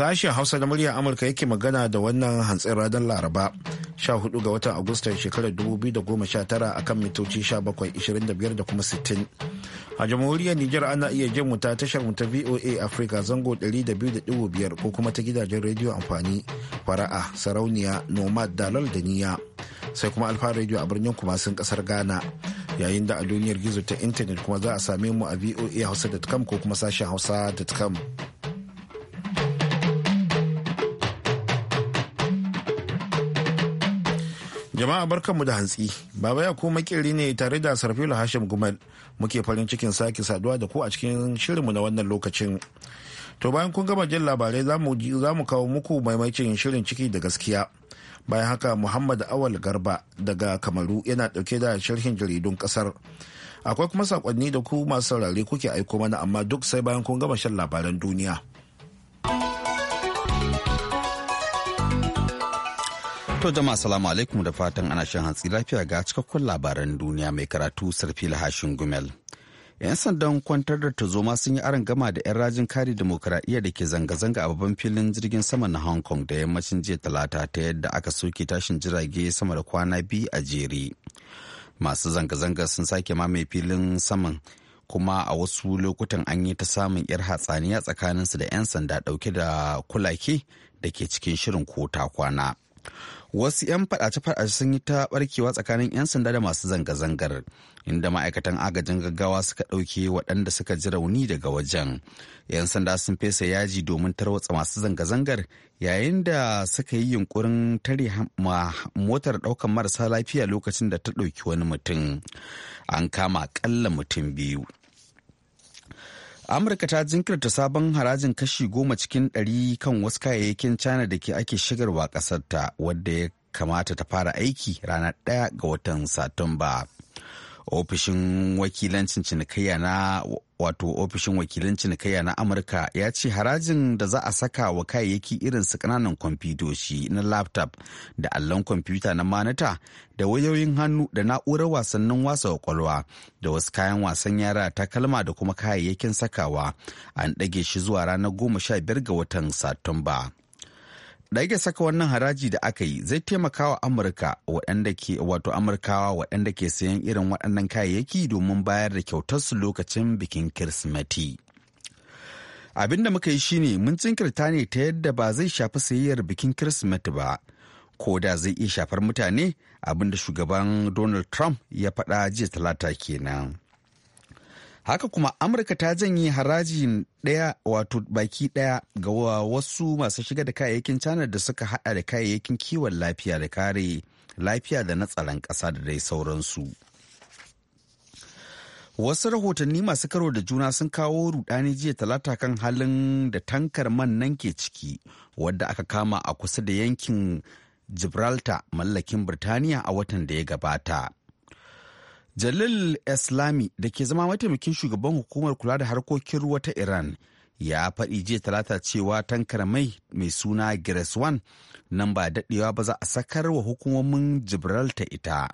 Sashen Hausa na muryar Amurka yake magana da wannan hantsin ranar Laraba 14 ga watan Agustan shekarar 2019 kan mitoci 1725 da kuma 60. A jamhuriyar Nijar ana iya jin mu ta tashar mu ta VOA Africa zango 200.5 ko kuma ta gidajen rediyo amfani fara'a sarauniya nomad dalal da niya sai kuma alfa rediyo a birnin kumasin kasar Ghana. yayin da a duniyar gizo ta intanet kuma za a same mu a voa hausa.com ko kuma sashen hausa.com Jama'a barkanmu da hantsi. Baba ya kuma makeri ne tare da Sarfila Hashim Gumal muke farin cikin sake saduwa da ku a cikin shirinmu na wannan lokacin. To bayan kun gama jin labarai za mu kawo muku maimaicin shirin ciki da gaskiya. Bayan haka Muhammad Awal Garba daga Kamaru yana ɗauke da sharhin jaridun ƙasar. Akwai kuma sakonni da ku masu saurare kuke aiko mana amma duk sai bayan kun gama shan labaran duniya. To jama'a salamu alaikum da fatan ana shan hantsi lafiya ga cikakkun labaran duniya mai karatu sarfi lahashin gumel. 'Yan sandan kwantar da tazoma sun yi aron gama da 'yan rajin kare demokuraɗiyya da ke zanga-zanga a babban filin jirgin sama na Hong Kong da yammacin jiya talata ta yadda aka soke tashin jirage sama da kwana biyu a jere. Masu zanga-zanga sun sake mamaye filin saman kuma a wasu lokutan an yi ta samun 'yar hatsaniya tsakaninsu da 'yan sanda ɗauke da kulake da ke cikin shirin ko ta kwana. wasu 'yan faɗace-faɗace sun yi ta barkewa tsakanin 'yan sanda da masu zanga-zangar inda ma'aikatan agajin gaggawa suka ɗauke waɗanda suka ji rauni daga wajen 'yan sanda sun fesa yaji domin tarwatsa masu zanga-zangar yayin da suka yi yunkurin tare motar ɗaukar marasa lafiya lokacin da ta ɗauki wani mutum an kama ƙalla mutum biyu amurka ta jinkirta sabon harajin kashi goma cikin ɗari kan wasu kayayyakin china da ke ake shigarwa ƙasarta wadda ya kamata ta fara aiki ranar ɗaya ga watan satumba ofishin wakilancin cinikayya na wato ofishin wakilan cinikayya na amurka ya ce harajin da za a saka wa kayayyaki irin su kananan kwamfutoci na laptop da allon kwamfuta na manata da wayoyin hannu da na'urar wasannin wasa kwakwalwa da wasu kayan wasan yara takalma da kuma kayayyakin sakawa an ɗage shi zuwa ranar goma sha biyar ga watan satumba Rage saka wannan haraji da aka yi zai taimaka wa Amurka waɗanda ke wato Amurkawa waɗanda ke sayan irin waɗannan kayayyaki domin bayar da kyautarsu lokacin bikin Kirsimeti. Abin da muka yi shine mun tsinkirta ne ta yadda ba zai shafi sayayyar bikin Kirsimeti ba, ko da zai iya shafar mutane abin da shugaban Donald Trump ya faɗa jiya talata kenan. haka kuma amurka ta janye harajin daya wato baki daya ga wasu masu shiga da kayayyakin china da suka hada da kayayyakin kiwon lafiya da kare lafiya da na tsaron kasa da dai sauransu wasu rahotanni masu karo da juna sun kawo rudani jiya talata kan halin da tankar man nan ke ciki wadda aka kama a kusa da yankin gibraltar mallakin birtaniya a watan da ya gabata Jalil Islami da ke zama mataimakin shugaban hukumar kula da harkokin ruwa ta Iran ya faɗi jiya talata cewa tankar mai mai suna Grace 1 nan ba daɗewa ba za a sakar wa hukumomin Gibraltar ita.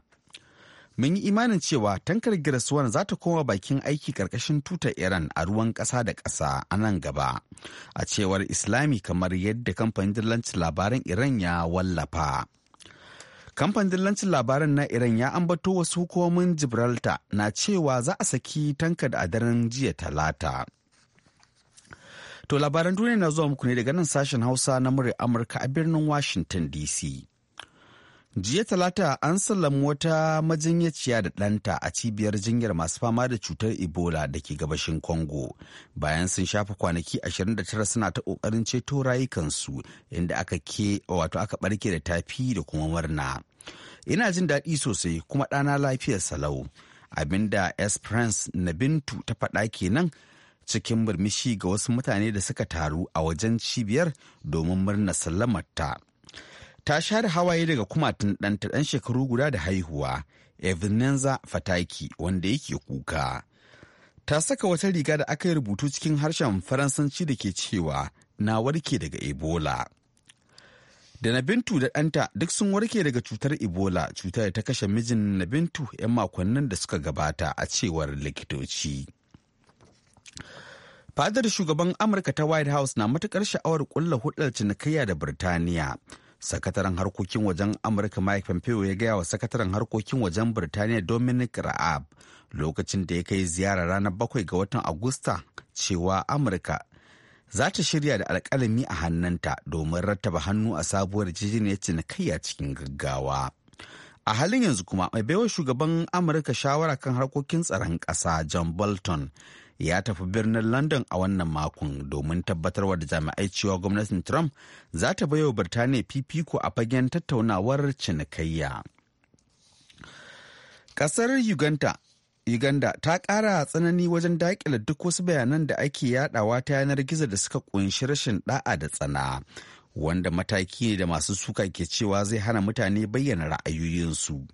Mun yi imanin cewa tankar Grace 1 za ta koma bakin aiki ƙarƙashin tutar Iran a ruwan ƙasa da ƙasa a nan gaba, a cewar Islami kamar yadda kamfanin dillancin labaran Iran ya wallafa. Kamfanin dillancin labaran na Iran ya ambato wasu hukumomin Gibraltar na cewa za a saki tankar a daren jiya talata. To labaran duniya na zuwa muku ne daga nan sashen Hausa na murya Amurka a birnin Washington DC. jiya talata an sallami wata majinyaciya da ɗanta a cibiyar jinyar masu fama da cutar ebola da ke gabashin congo bayan sun shafa kwanaki 29 suna ta ƙoƙarin ceto rayukansu inda aka ke wato aka ɓarke da tafi da kuma murna ina jin daɗi sosai kuma ɗana lafiyar salau abinda esperance na bintu ta faɗa kenan cikin murmushi ga wasu mutane da suka taru a wajen cibiyar domin murna sallamarta. ta ta share hawaye daga kumatun ɗanta ɗan shekaru guda da haihuwa evinenza fataki wanda yake kuka ta saka wata riga da aka yi rubutu cikin harshen faransanci da ke cewa na warke daga ebola da na bintu da ɗanta duk sun warke daga cutar ebola cutar da ta kashe mijin na bintu 'yan makonnin da suka gabata a cewar likitoci fadar shugaban amurka ta white house na matukar sha'awar ƙulla hudar cinikayya da birtaniya sakataren harkokin wajen amurka mike pompeo ya gaya wa sakataren harkokin wajen birtaniya dominic raab lokacin da ya kai ziyara ranar bakwai ga watan agusta cewa amurka za ta shirya da alkalami a hannunta domin rattaba hannu a sabuwar jijiniyar cinikayya cikin gaggawa a halin yanzu kuma mai baiwa shugaban amurka shawara kan harkokin tsaron ƙasa john bolton ya tafi birnin London a wannan makon domin tabbatarwa da jami'ai cewa gwamnatin Trump za ta baiwa Birtaniya fifiko a fagen tattaunawar cinikayya. Kasar Uganda Uganda ta ƙara tsanani wajen daƙile duk wasu bayanan da ake yadawa ta yanar gizo da suka ƙunshi rashin ɗa'a da tsana, wanda mataki ne da masu suka ke cewa zai hana mutane bayyana ra'ayoyinsu.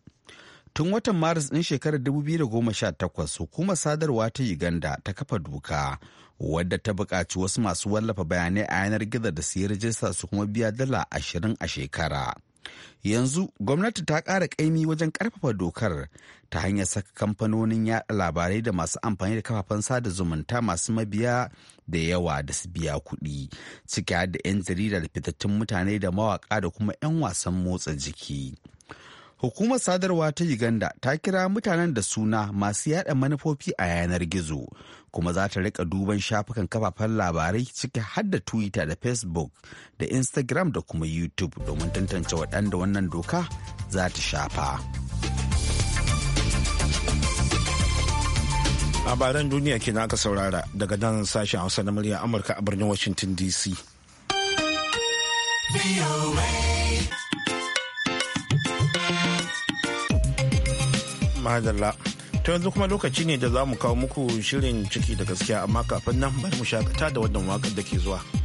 Tun watan Maris ɗin shekarar 2018 hukumar sadarwa ta Uganda ta kafa doka wadda ta buƙaci wasu masu wallafa bayanai a yanar gizo da su yi rajista su kuma biya dala ashirin a shekara. Yanzu gwamnati ta ƙara ƙaimi wajen ƙarfafa dokar ta hanyar saka kamfanonin yaɗa labarai da masu amfani da kafafen sada zumunta masu mabiya da yawa da su biya kuɗi ciki da 'yan jarida da fitattun mutane da mawaƙa da kuma 'yan wasan motsa jiki. Hukumar sadarwa ta Uganda ta kira mutanen da suna masu yada manufofi a yanar gizo, kuma za ta rika duban shafukan kafafen labarai ciki har da Twitter da Facebook da Instagram da kuma YouTube domin tantance waɗanda wannan doka za ta shafa. Labaran duniya ke naka saurara daga nan sashen Hausa na murya Amurka a birnin Washington DC. madalla ta yanzu kuma lokaci ne da za mu kawo muku shirin ciki da gaskiya amma kafin nan bari mu shakata da wannan wakar da ke zuwa.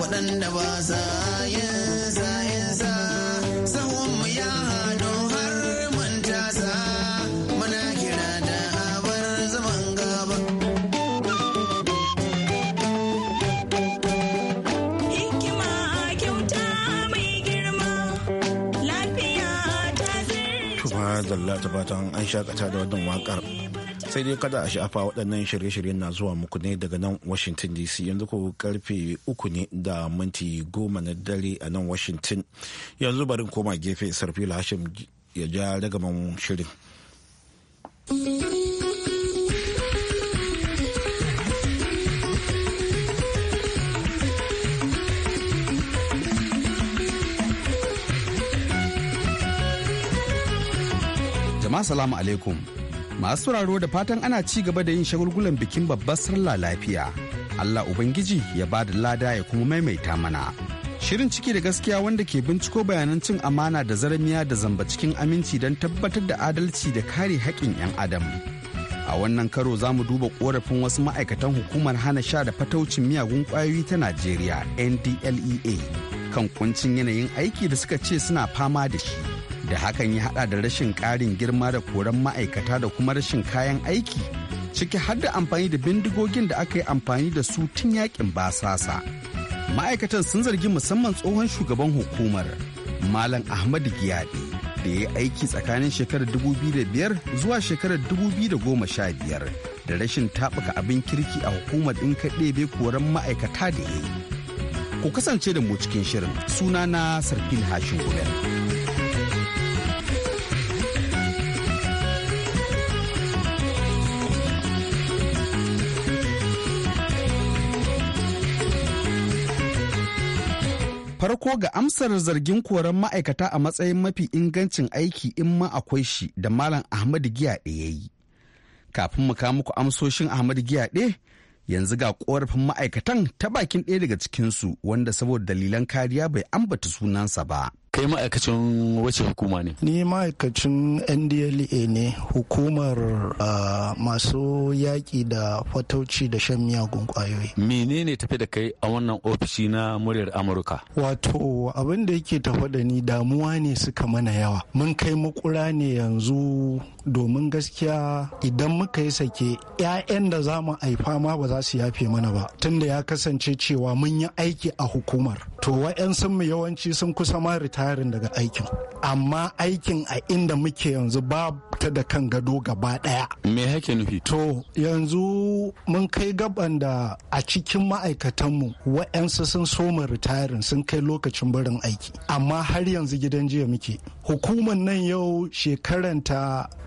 waɗanda ba sa yin sa yin mu ya hado har mun tasa muna kira da abar zaman gaba hikima kyauta mai girma lafiya ta zirta tuma zalla ta an shakata da wannan wakar sai dai kada a sha'afa waɗannan shirye-shiryen na zuwa muku ne daga nan washington dc yanzu ko karfe uku ne da minti goma na dare a nan washington yanzu barin koma gefe sarfila hashim ya ja ragaman shirin jama'a salamu alaikum Masu sauraro da fatan ana ci gaba da yin shagulgulan bikin babbar sallah lafiya. Allah Ubangiji ya ba da lada ya kuma maimaita mana. Shirin ciki da gaskiya wanda ke binciko bayanan cin amana da zaramiya da zamba cikin aminci don tabbatar da adalci da kare haƙƙin 'yan adam. a wannan karo za mu duba korafin wasu ma'aikatan hukumar hana sha da fataucin miyagun kwayoyi ta najeriya ndlea kan kuncin yanayin aiki da suka ce suna fama da shi da hakan ya hada da rashin ƙarin girma da koran ma'aikata da kuma rashin kayan aiki ciki har da amfani da bindigogin da aka yi amfani da su tun yakin basasa ma'aikatan sun zargi musamman tsohon shugaban hukumar malam ahmadu giyade da ya aiki tsakanin shekarar biyar zuwa shekarar 2015 da rashin taɓuka abin kirki a hukumar ɗin kaɗebe koran ma'aikata da ya yi ku kasance da mu cikin shirin sunana sarfin hashin gudanar farko ga amsar zargin koran ma'aikata a matsayin mafi ingancin aiki in ma akwai shi da malam ahmadu giya ɗaya, yi kafin mu kawo muku amsoshin ahmadu giya yanzu ga korafin ma'aikatan ta bakin ɗaya daga cikinsu wanda saboda dalilan kariya bai ambata sunansa ba. kai ma'aikacin wace hukuma ne ni ma'aikacin ndla ne hukumar ah, masu yaƙi da fatauci da shan miyagun ƙwayoyi menene tafi da kai a wannan ofishi na muryar amurka wato abin da yake tafi da ni damuwa ne suka mana yawa mun kai makura ne yanzu domin gaskiya idan muka yi sake 'ya'yan da za mu haifa ma ba za su yafe mana ba tunda ya kasance cewa mun yi aiki a hukumar to wa'yan sun mu yawanci sun kusa ma ritaya tarin daga aikin amma aikin a inda muke yanzu ba ta da kan gado gaba daya me hake nufi to yanzu mun kai gaban da a cikin ma'aikatanmu wa'yansu sun soma ritayarin sun kai lokacin barin aiki amma har yanzu gidan jiya muke hukumar nan yau shekaranta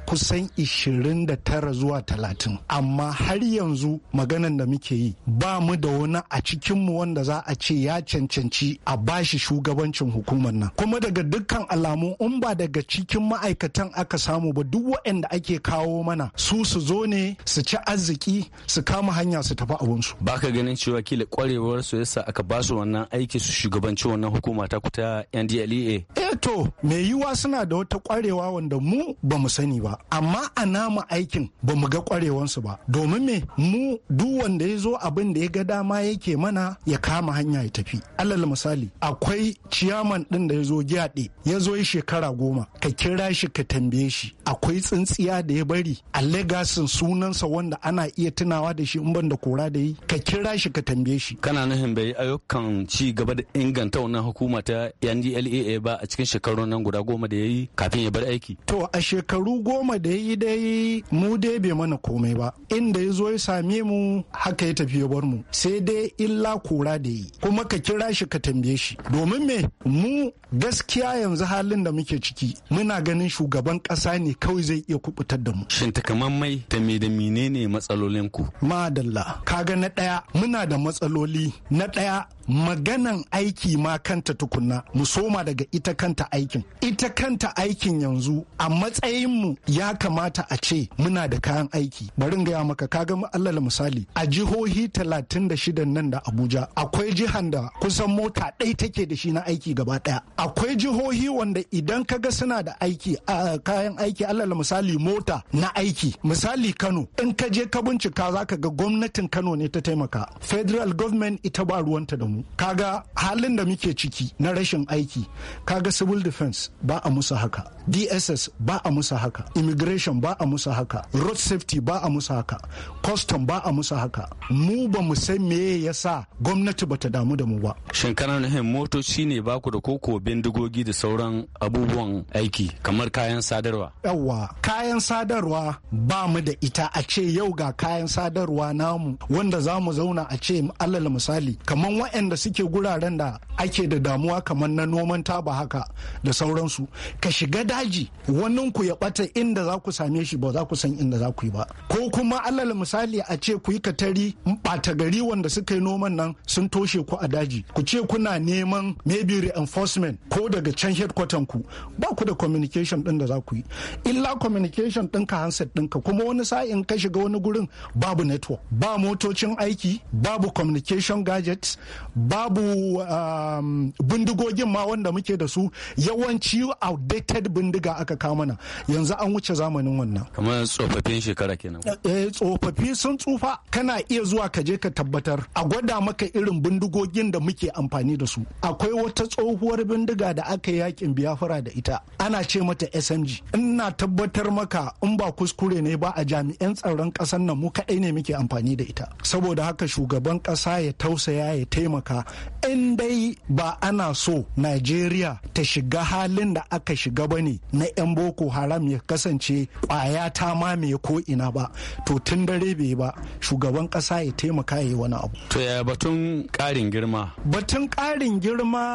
kusan 29 zuwa 30 amma har yanzu maganan da muke yi ba mu da wani a cikinmu wanda za a ce ya cancanci a bashi shugabancin hukumar nan kuma daga dukkan alamu in ba daga cikin ma'aikatan aka samu ba duk waɗanda ake kawo mana su su zo ne su ci arziki su kama hanya su tafi abinsu ba ka ganin cewa kila kwarewar su yasa aka ba su wannan aiki su shugabanci wannan hukuma ta kuta NDLEA eh to me yiwa suna da wata kwarewa wanda mu ba mu sani ba amma a nama aikin ba mu ga kwarewansu ba domin me mu duk wanda ya zo abin da ya ga dama yake mana ya kama hanya ya tafi alal misali akwai ciyaman din da ya zo zo gyaɗe ya zo yi shekara goma ka kira shi ka tambaye shi akwai tsintsiya da ya bari a legasin sunansa wanda ana iya tunawa da shi in ban da kora da yi ka kira shi ka tambaye shi kana nufin bai ayyukan ci gaba da inganta wannan hukuma ta NDLEA ba a cikin shekarun nan guda goma da ya yi kafin ya bar aiki to a shekaru goma da ya yi dai mu dai bai mana komai ba inda ya zo ya same mu haka ya tafi ya bar mu sai dai illa kora da yi kuma ka kira shi ka tambaye shi domin me mu gaskiya yanzu halin da muke ciki muna ganin shugaban kasa ne kawai zai iya kubutar da mu shin mai ta me da menene matsalolin ku madalla kaga na ɗaya muna da matsaloli na ɗaya maganan aiki ma kanta tukunna mu soma daga ita kanta aikin ita kanta aikin yanzu a matsayinmu ya kamata a ce muna da kayan aiki bari in gaya maka kaga allah misali a jihohi 36 nan da abuja akwai jihan da kusan mota ɗaya take da shi na aiki gaba ɗaya akwai jihohi wanda idan kaga suna da aiki a kayan aiki allah misali mota na aiki misali kano in ka je ka bincika zaka ga gwamnatin kano ne ta taimaka federal government ita ba ruwanta da mu kaga halin da muke ciki na rashin aiki kaga civil defense ba a musu haka dss ba a musu haka immigration ba a musu haka road safety ba a musu haka custom ba a musu haka mu ba mu san me yasa gwamnati bata damu da mu ba shin kana nufin motoci ne baku da koko bindigogi da sauran abubuwan aiki kamar kayan sadarwa yawa kayan sadarwa ba mu da ita a ce yau ga kayan sadarwa namu wanda za mu zauna a ce alal misali kamar wa'yan waɗanda suke guraren da ake da damuwa kamar na noman taba haka da sauransu ka shiga daji wannan ku ya bata inda za ku same shi ba za ku san inda za ku yi ba ko kuma alal misali a ce ku yi katari bata gari wanda suka yi noman nan sun toshe ku a daji ku ce kuna neman maybe reinforcement ko daga can headquarter ku ba ku da communication din da za ku yi illa communication ɗinka handset ɗinka kuma wani sa'in ka shiga wani gurin babu network ba motocin aiki babu communication gadgets babu um, bindigogin ma wanda muke da su yawanci outdated bindiga aka kamana yanzu an wuce zamanin wannan kamar tsofaffin shekara kenan eh tsofaffi sun tsufa kana iya zuwa ka je ka tabbatar a gwada maka irin bindigogin da muke amfani da su akwai wata tsohuwar bindiga da aka yakin biyafura da ita ana ce mata smg ina tabbatar maka in ba kuskure ne ba a jami'an tsaron ƙasar nan mu kaɗai ne muke amfani da ita saboda haka shugaban ƙasa ya tausaya ya taimaka taimaka in dai ba ana so najeriya ta shiga halin da aka shiga ba ne na 'yan boko haram ya kasance kwaya ta mamaye ko ina ba to tun dare bai ba shugaban kasa ya taimaka ya yi wani abu to ya batun karin girma batun karin girma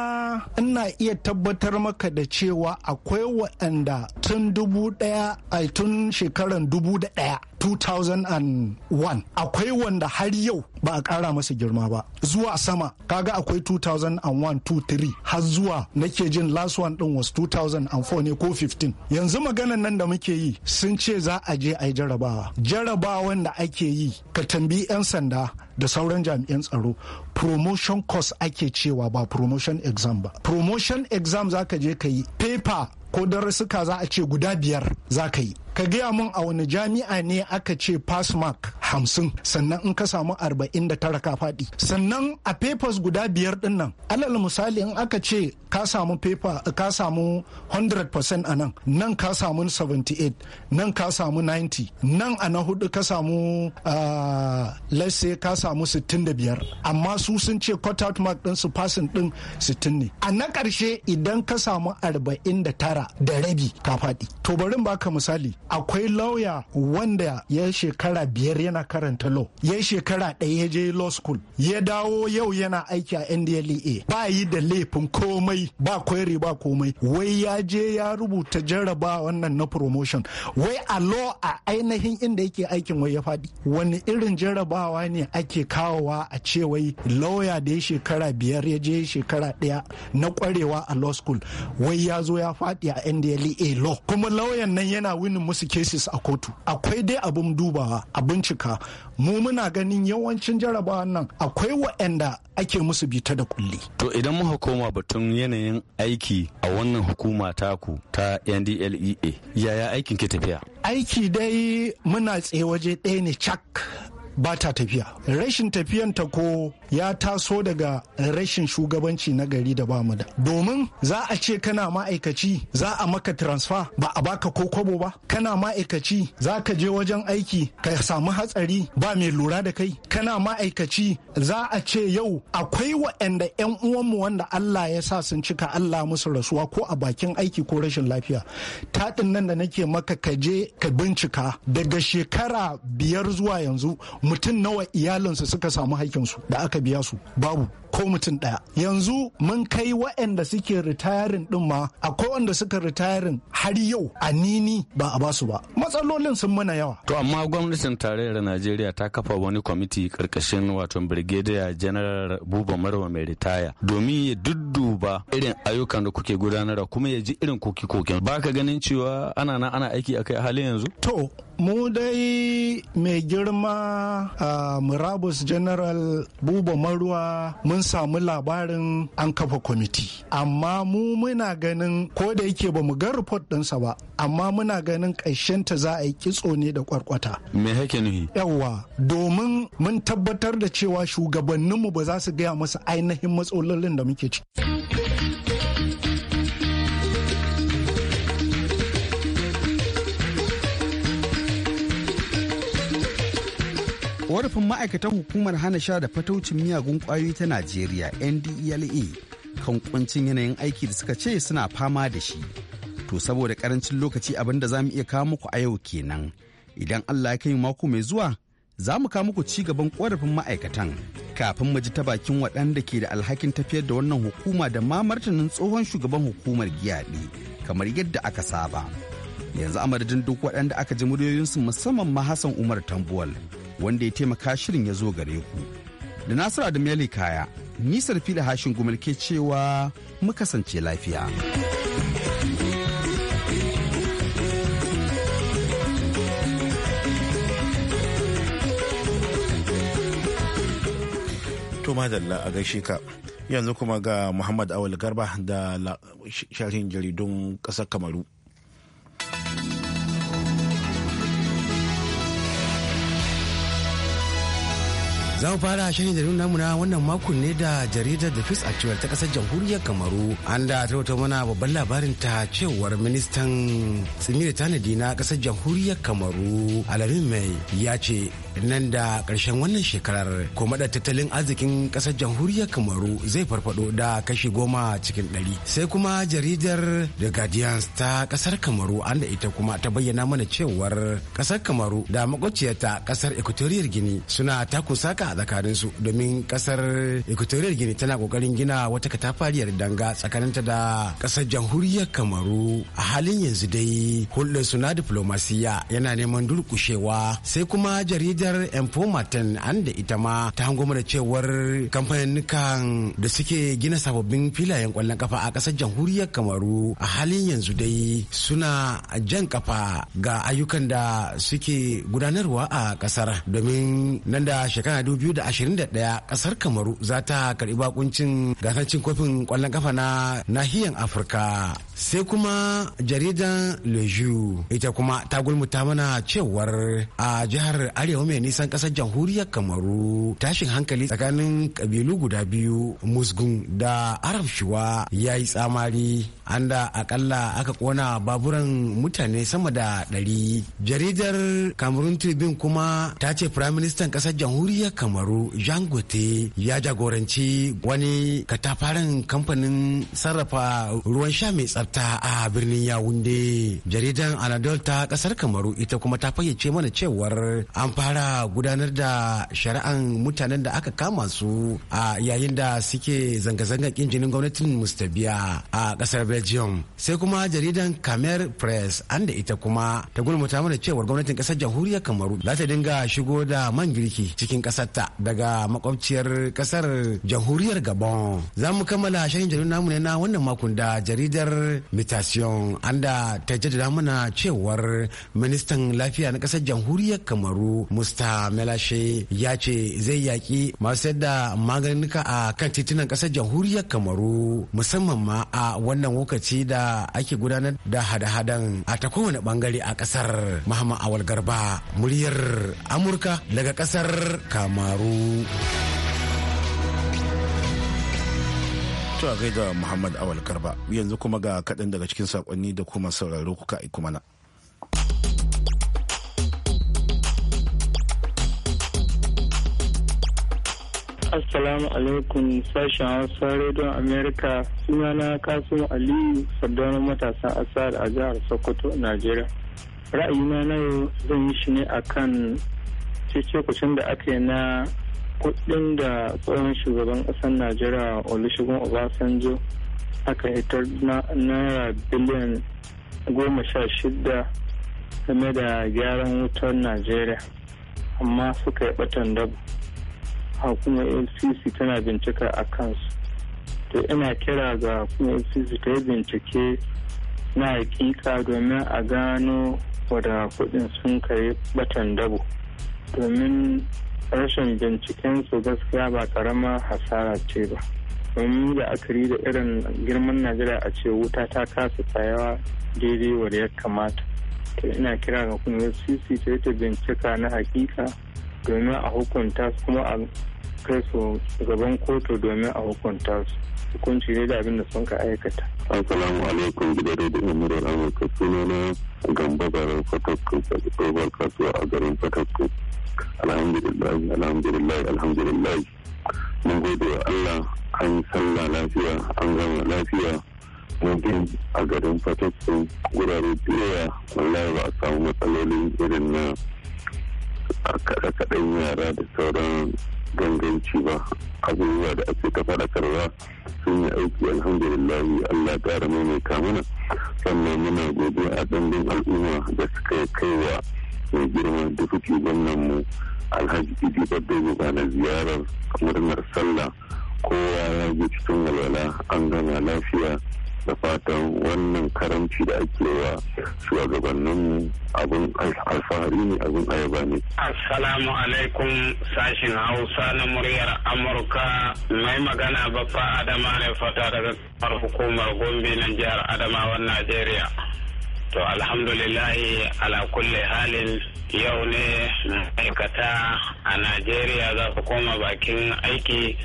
ina iya tabbatar maka da cewa akwai waɗanda tun dubu ɗaya a tun shekaran dubu da ɗaya 2001 akwai wanda har yau ba a kara masa girma ba zuwa sama kaga akwai 2001 har zuwa nake jin last one din was 2004 ne ko 15 yanzu maganan nan da muke yi sun ce za a je a yi jarabawa jarabawan da ake yi ka tambi 'yan sanda da sauran jami'an tsaro promotion course ake cewa ba promotion exam ba promotion exam za ka je ka yi paper ko darussuka za a ce guda biyar za ka yi ka gaya mun a wani jami'a ne aka ce pass mark hamsin sannan in ka samu arba'in da tara ka faɗi sannan a papers guda biyar din nan alal misali in aka ce ka samu paper ka samu 100% a nan nan ka samu 78 nan ka samu 90 nan a na hudu ka samu uh, let's say ka samu 65 amma su sun ce cut out mark din su passing din 60 ne a na karshe idan ka samu 49 da rabi ka faɗi to barin baka misali akwai lauya wanda ya shekara biyar yana karanta law ya shekara ɗaya yaje je law school ya dawo yau yana aiki a ndlea ba yi da laifin komai ba kwari ba komai wai ya je ya rubuta jaraba wannan na promotion wai a law a ainihin inda yake aikin wai ya faɗi wani irin jarrabawa ne ake kawowa a ce wai lauya da ya shekara biyar ya je shekara ɗaya na kwarewa a law school wai ya zo ya faɗi a ndlea law kuma lauyan nan yana wini wasu cases a kotu akwai dai abin dubawa a bincika mu muna ganin yawancin jarabawan nan akwai waɗanda ake musu bita da kulli to idan muka koma batun yanayin aiki a wannan hukuma taku ta ndlea yaya aikin ke tafiya aiki dai muna tsaye waje ɗaya ne cak bata tafiya rashin tafiyan ta ko ya taso daga rashin shugabanci na gari da bamu da domin za a ce kana ma'aikaci za a maka transfer ba a baka ko kwabo ba kana ma'aikaci za ka je wajen aiki ka samu hatsari ba mai lura da kai kana ma'aikaci za a ce yau akwai waɗanda 'yan uwanmu wanda Allah ya sa sun cika Allah musu rasuwa ko a bakin aiki ko rashin lafiya taɗin nan da nake maka ka je ka bincika daga shekara biyar zuwa yanzu mutum nawa iyalinsu suka samu haƙƙinsu da aka aka biya su babu ko mutum ɗaya yanzu mun kai waɗanda suke ritayarin din ma akwai wanda suka ritayarin har yau a nini ba a basu ba matsalolin sun mana yawa to amma gwamnatin tarayyar najeriya ta kafa wani kwamiti karkashin wato brigadier general buba marwa mai ritaya domin ya dudduba irin ayyukan da kuke gudanarwa kuma ya ji irin koki koken ba ka ganin cewa ana nan ana aiki akai halin yanzu to mu dai mai girma ah, murabus general buba gobaman ruwa mun samu labarin an kafa kwamiti amma mu muna ganin ko da yake ba mu ga report ɗinsa ba amma muna ganin ta za a yi kitso ne da kwarkwata me hake nuhi yawa domin mun tabbatar da cewa shugabanninmu ba za su gaya masa ainihin matsalolin da muke ciki Korafin ma'aikatan hukumar hana sha da fataucin miyagun kwayoyi ta Najeriya NDLE, kan kuncin yanayin aiki da suka ce suna fama da shi. To saboda karancin lokaci abin da za mu iya kawo muku a yau kenan. Idan Allah ya kai mako mai zuwa za mu kawo muku ci gaban korafin ma'aikatan kafin mu ji ta bakin waɗanda ke da alhakin tafiyar da wannan hukuma da ma martanin tsohon shugaban hukumar giyaɗi kamar yadda aka saba. yanzu a madadin duk waɗanda aka ji muryoyinsu musamman ma hassan umar tambuwal wanda ya taimaka shirin ya zo gare ku da nasiru da meli kaya nisar fili hashin gumal cewa mu kasance lafiya to madalla a gaishe ka yanzu kuma ga muhammad awal garba da shahin jaridun ƙasar kamaru Za mu fara shirin da nuna na wannan makon ne da jaridar da fis Actual ta kasar jamhuriyar Kamaru. An da ta mana babban labarin ta cewar ministan Tsimiri Tanadi na kasar jamhuriyar Kamaru Alamin Mai ya ce nan da karshen wannan shekarar kuma da tattalin arzikin kasar jamhuriyar Kamaru zai farfado da kashi goma cikin ɗari. Sai kuma jaridar The Guardians ta kasar Kamaru an da ita kuma ta bayyana mana cewar kasar Kamaru da makwabciyarta kasar Equatorial Guinea suna ka. a tsakanin su domin kasar equatorial gini tana kokarin gina wata katafariyar danga tsakaninta da kasar jamhuriyar kamaru a halin yanzu dai su na diplomasiya yana neman durkushewa sai kuma jaridar informatin an da ita ma ta hango da cewar kamfaninnikan da suke gina sababbin filayen kwallon kafa a kasar jamhuriyar kamaru a halin yanzu dai suna jan kafa ga ayyukan da suke gudanarwa a kasar domin nan da shekara 2021 kasar kamaru za ta karbi bakuncin gasar cin kofin kwallon kafa na nahiyar afirka sai kuma jaridan leju ita kuma ta gulmuta mana cewar a jihar arewa mai nisan kasar jamhuriyar kamaru tashin hankali tsakanin kabilu guda biyu musgun da arab shuwa ya yi tsamari an da akalla aka kona baburan mutane sama da ɗari. Jaridar Cameroon Tribune kuma ta ce Firaministan ƙasar jamhuriyar Kamaru Jean Gote ya jagoranci wani katafaren kamfanin sarrafa ruwan sha mai tsafta a birnin Yawunde. Jaridar Anadol ta ƙasar Kamaru ita kuma ta fayyace mana cewar an fara gudanar da shari'an mutanen da aka kama su a yayin da suke zanga-zangar kin jinin gwamnatin Mustabiya a ƙasar belgium sai kuma jaridan kamer press an da ita kuma ta gulmuta mana cewar gwamnatin kasar jamhuriyar kamaru za ta dinga shigo da man girki cikin kasarta daga makwabciyar kasar jamhuriyar gabon za mu kammala shirin jaridan namu ne na wannan makon da jaridar mutation an da ta jaddada mana cewar ministan lafiya na kasar jamhuriyar kamaru musta melashe ya ce zai yaki masu sayar da maganin a kan titunan kasar jamhuriyar kamaru musamman ma a wannan lokaci da ake gudanar da hada-hadan a ta kowane bangare a kasar Muhammad Awal Garba muryar Amurka daga kasar Kamaru. To a gaida Muhammad Awal Garba yanzu kuma ga kaɗan daga cikin saƙonni da kuma sauraro kuka aiko mana. Assalamu alaikum sashen Hausa Radio amerika sunana Kasim Aliyu sardaunar matasan asar a jihar Sokoto, Najeriya. Ra'ayina na yau zan yi shi ne a kan cece da aka na kudin da tsohon shugaban ƙasar Najeriya Olusegun Obasanjo aka hitar naira biliyan goma sha shida game da gyaran wutar Najeriya amma suka yi batan dabu. kuma lcc tana bincika a kansu to ina kira ga kuma lcc ta yi bincike na hakika domin a gano wadda kudin sun kai batan dabo domin rashin binciken bincikensu gaskiya ba karama hasara ce ba domin da akari da irin girman najeriya a ce wuta ta kasa tsayawa daidai wadda ya kamata to ina kira ga kuma LCC ta yi ta bincika na hakika domin a hukunta su kuma a kai su gaban kotu domin a hukunta su hukunci ne da abin da sun ka aikata. Assalamu alaikum gida da umarar Amurka suna na gamba garin Fatakku a tsohuwar kasuwa a garin Fatakku. Alhamdulillah, alhamdulillah, alhamdulillah. Mun gode wa Allah an sallah lafiya, an gama lafiya. Mun a garin Fatakku gurare biyar wallahi ba a samu matsaloli irin na a kaɗe-kaɗen yara da sauran ganganci ba abubuwa da ake ta faɗakarwa sun yi aiki alhamdulillahi allah ƙara mai kamuna sannan muna gobe a ɗanɗin al'umma da suka kaiwa mai girma da gwamnan mu alhaji idi babbe na ziyarar murnar sallah kowa ya ji cikin walwala an gama lafiya da fatan wannan karamci da ake wa shugabannin abin alfahari ne abin ayaba ne. Assalamu alaikum sashin Hausa na muryar Amurka mai magana baffa Adama ne fata daga hukumar Gombe na jihar Adamawan Najeriya. To alhamdulillahi ala kulle halin yau ne ma'aikata a Najeriya za su koma bakin aiki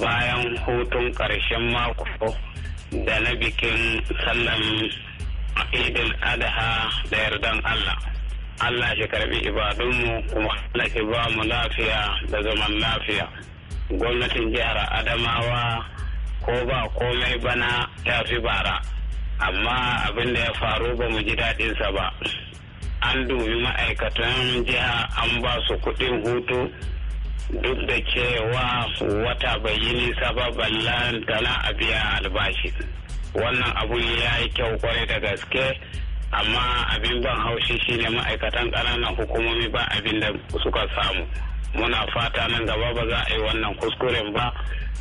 bayan hutun ƙarshen mako da na bikin sallan idil adaha da yardan Allah. Allah shi karbi ibadunmu kuma Allah shi ba mu lafiya da zaman lafiya. Gwamnatin jihar Adamawa ko ba komai bana ta fi bara, amma abin da ya faru ba mu ji daɗinsa ba. An dubi ma'aikatan jiha an ba su kuɗin hutu duk da cewa wata bai yi nisa ba ballan tana a biya albashi wannan abun ya yi kyau kwarai da gaske amma abin ban haushi shine ma'aikatan ƙananan hukumomi ba abin da suka samu muna fata nan gaba ba za a yi wannan kuskuren ba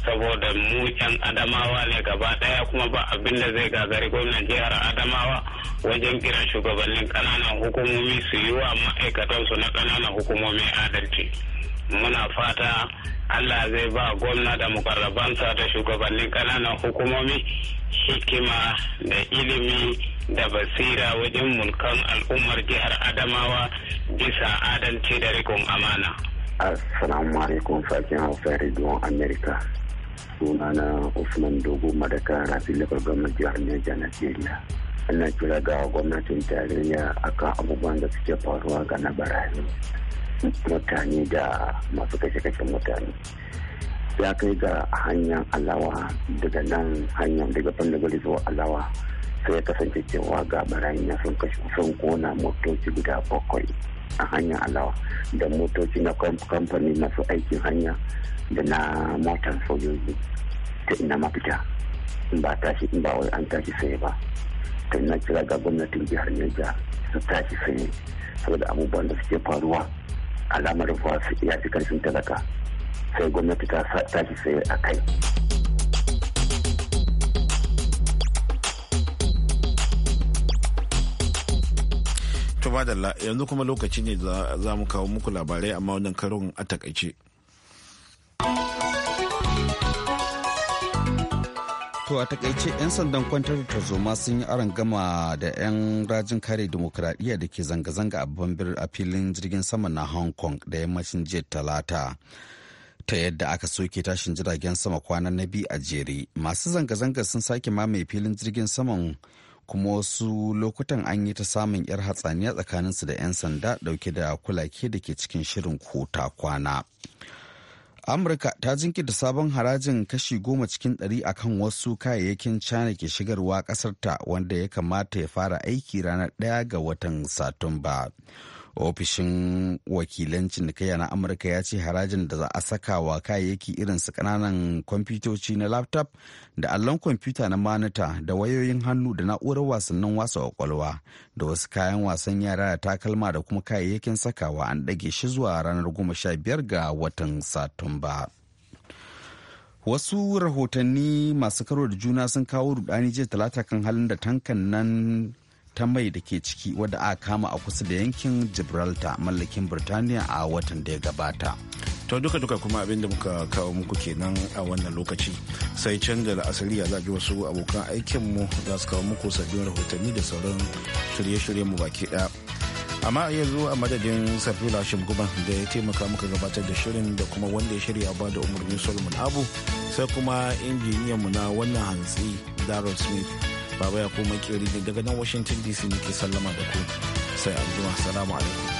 saboda mu yan adamawa ne gaba daya kuma ba abin da zai gagari gwamnan jihar adamawa wajen kiran shugabannin ƙananan hukumomi su yi wa ma'aikatansu na ƙananan hukumomi adalci muna fata Allah zai ba gwamna da mukarrabansa da shugabannin ƙananan hukumomi hikima da ilimi da basira wajen mulkan al'ummar jihar Adamawa bisa adalci da rikon amana. Assalamu alaikum fakin Hausa Amerika. Suna Sunana Usman Dogo Madaka Rafi Labar Gwamnan Jihar Niger Najeriya. Ina kira ga gwamnatin tarayya akan abubuwan da suke faruwa ga na barayi. mutane da masu kashe-kashen mutane ya kai ga hanyar alawa daga nan hanyar daga fannagwali zuwa alawa sai ya kasance cewa ga barayin ya sun kashe sun kona motoci guda bakwai a hanyar alawa da motoci na kamfani masu aikin hanya da na motar sojoji ta ina mafita ba tashi ba wai an tashi sai ba ta na kira ga gwamnatin jihar Niger su tashi sai saboda abubuwan da suke faruwa alamar wasu ya fi karfin talaka sai gwamnati ta tashi sai a kai to yanzu kuma lokaci ne za mu kawo muku labarai amma wannan karon a takaice. To a takaice 'yan sandan kwantar da tarzoma sun yi aron gama da 'yan rajin kare demokuraɗiyya da ke zanga-zanga a bambir a filin jirgin sama na Hong Kong da yammacin jiya talata. Ta yadda aka soke tashin jiragen sama kwana na biyu a jere. Masu zanga-zanga sun sake mamaye filin jirgin saman kuma wasu lokutan an yi ta samun 'yar hatsaniya tsakaninsu da 'yan sanda dauke da kulake da ke cikin shirin kota kwana. amurka ta jinkirta sabon harajin kashi goma cikin ɗari kan wasu kayayyakin china ke shigarwa ƙasarta wanda ya kamata ya fara aiki ranar ɗaya ga watan satumba ofishin wakilan cinikayya na amurka ya ce harajin da za a saka wa kayayyaki irin su kananan kwamfutoci na laptop da allon kwamfuta na manita da wayoyin hannu da na'urar wasannin wasa kwakwalwa da wasu kayan wasan yara da takalma da kuma kayayyakin sakawa an ɗage shi zuwa ranar goma sha biyar ga watan satumba. wasu rahotanni masu karo da juna sun kawo rudani jiya talata kan halin da tankan nan ta mai da ke ciki wadda aka kama a kusa da yankin gibraltar mallakin birtaniya a watan da ya gabata to duka duka kuma abin da muka kawo muku kenan a wannan lokaci sai canza da asali ya zabi wasu abokan aikinmu za su kawo muku sabbin rahotanni da sauran shirye-shiryen mu baki ɗaya amma a yanzu a madadin safila shimguban da ya taimaka muka gabatar da shirin da kuma wanda ya shirya ba da umarni solomon abu sai kuma injiniyanmu na wannan hantsi darrell smith baba ya koma kyori daga nan washington dc ne sallama da ku sai anjima salamu alaikum